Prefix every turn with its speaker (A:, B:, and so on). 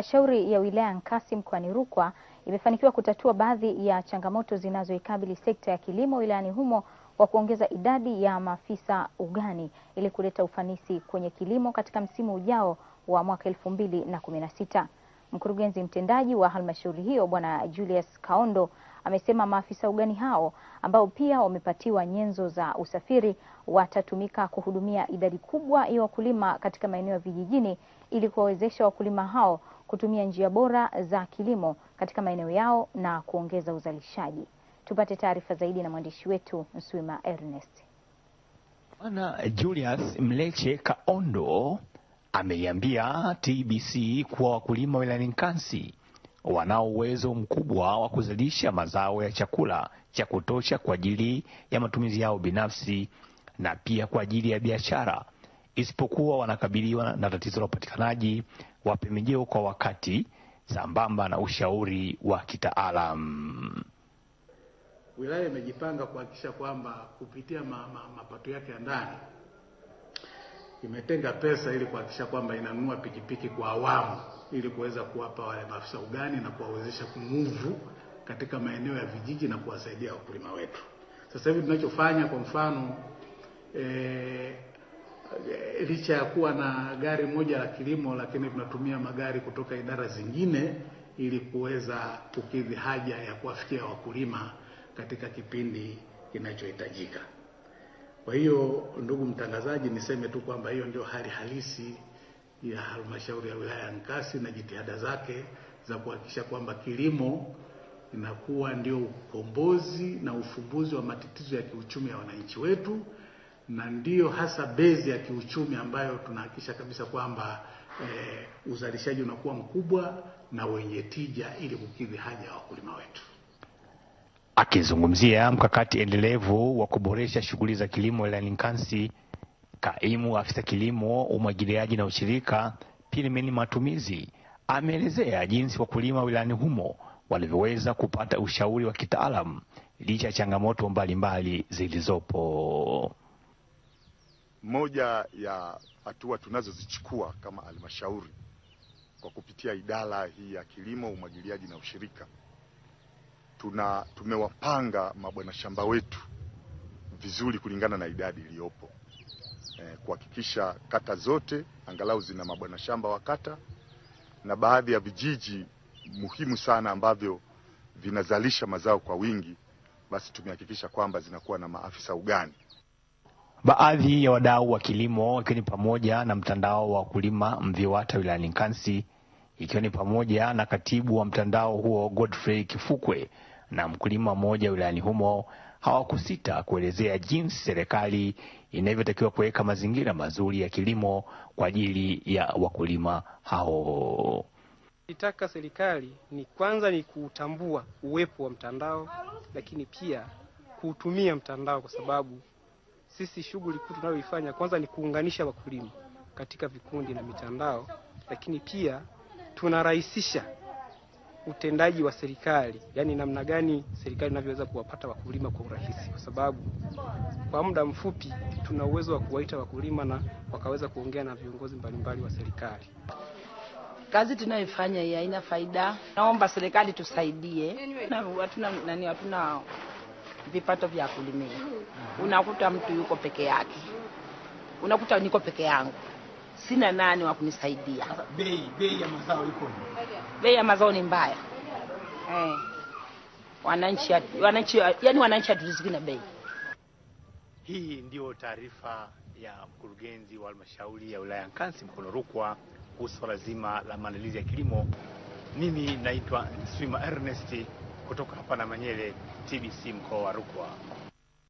A: Halmashauri ya wilaya Nkasi mkoani Rukwa imefanikiwa kutatua baadhi ya changamoto zinazoikabili sekta ya kilimo wilayani humo kwa kuongeza idadi ya maafisa ugani ili kuleta ufanisi kwenye kilimo katika msimu ujao wa mwaka elfu mbili na kumi na sita. Mkurugenzi mtendaji wa halmashauri hiyo Bwana Julius Kaondo amesema maafisa ugani hao ambao pia wamepatiwa nyenzo za usafiri watatumika kuhudumia idadi kubwa ya wakulima katika maeneo ya vijijini ili kuwawezesha wakulima hao kutumia njia bora za kilimo katika maeneo yao na kuongeza uzalishaji. Tupate taarifa zaidi na mwandishi wetu Nswima Ernest.
B: Bwana Julius Mleche Kaondo ameiambia TBC kuwa wakulima wilayani Nkasi wanao uwezo mkubwa wa kuzalisha mazao ya chakula cha kutosha kwa ajili ya matumizi yao binafsi na pia kwa ajili ya biashara isipokuwa wanakabiliwa na tatizo la upatikanaji wa pembejeo kwa wakati sambamba na ushauri wa kitaalam.
C: Wilaya imejipanga kuhakikisha kwamba kupitia ma, ma, mapato yake ya ndani imetenga pesa ili kuhakikisha kwamba inanunua pikipiki kwa awamu ili kuweza kuwapa wale maafisa ugani na kuwawezesha kumuvu katika maeneo ya vijiji na kuwasaidia wakulima wetu. Sasa hivi tunachofanya kwa mfano e, Eh, licha ya kuwa na gari moja la kilimo, lakini tunatumia magari kutoka idara zingine ili kuweza kukidhi haja ya kuwafikia wakulima katika kipindi kinachohitajika. Kwa hiyo, ndugu mtangazaji, niseme tu kwamba hiyo ndio hali halisi ya halmashauri ya wilaya ya Nkasi na jitihada zake za kuhakikisha kwamba kilimo inakuwa ndio ukombozi na ufumbuzi wa matatizo ya kiuchumi ya wananchi wetu na ndiyo hasa bezi ya kiuchumi ambayo tunahakikisha kabisa kwamba eh, uzalishaji unakuwa mkubwa na wenye tija ili kukidhi haja ya wakulima wetu.
B: Akizungumzia mkakati endelevu wa kuboresha shughuli za kilimo wilayani Nkasi, kaimu afisa kilimo, umwagiliaji na ushirika Pilimeni Matumizi ameelezea jinsi wakulima wilayani humo walivyoweza kupata ushauri wa kitaalamu licha ya changamoto mbalimbali zilizopo
D: moja ya hatua tunazozichukua kama halmashauri kwa kupitia idara hii ya kilimo, umwagiliaji na ushirika, tuna tumewapanga mabwana shamba wetu vizuri kulingana na idadi iliyopo eh, kuhakikisha kata zote angalau zina mabwana shamba wa kata na baadhi ya vijiji muhimu sana ambavyo vinazalisha mazao kwa wingi, basi tumehakikisha kwamba zinakuwa na maafisa ugani.
B: Baadhi ya wadau wa kilimo ikiwa ni pamoja na mtandao wa wakulima MVIWATA wilayani Nkasi, ikiwa ni pamoja na katibu wa mtandao huo Godfrey Kifukwe na mkulima mmoja wilayani humo hawakusita kuelezea jinsi serikali inavyotakiwa kuweka mazingira mazuri ya kilimo kwa ajili ya wakulima hao.
E: Itaka serikali ni kwanza ni kuutambua uwepo wa mtandao, lakini pia kuutumia mtandao kwa sababu sisi shughuli kuu tunayoifanya kwanza ni kuunganisha wakulima katika vikundi na mitandao, lakini pia tunarahisisha utendaji wa serikali, yani namna gani serikali inavyoweza kuwapata wakulima kwa urahisi, kwa sababu kwa muda mfupi tuna uwezo wa kuwaita wakulima na wakaweza kuongea na viongozi mbalimbali wa serikali.
F: Kazi tunayoifanya hii haina faida, naomba serikali tusaidie, hatuna nani, hatuna vipato vya kulimia. Unakuta mtu yuko peke yake, unakuta niko peke yangu, sina nani wa kunisaidia.
G: Bei bei ya mazao iko,
F: bei ya mazao ni mbaya eh. Wananchi wananchi, yani wananchi haturiziki na bei
H: hii. Ndio taarifa ya mkurugenzi wa halmashauri ya wilaya ya Nkasi mkono Rukwa kuhusu swala zima la maandalizi ya kilimo. Mimi naitwa Swima Ernest. Kutoka hapa na Manyere, TBC mkoa wa Rukwa.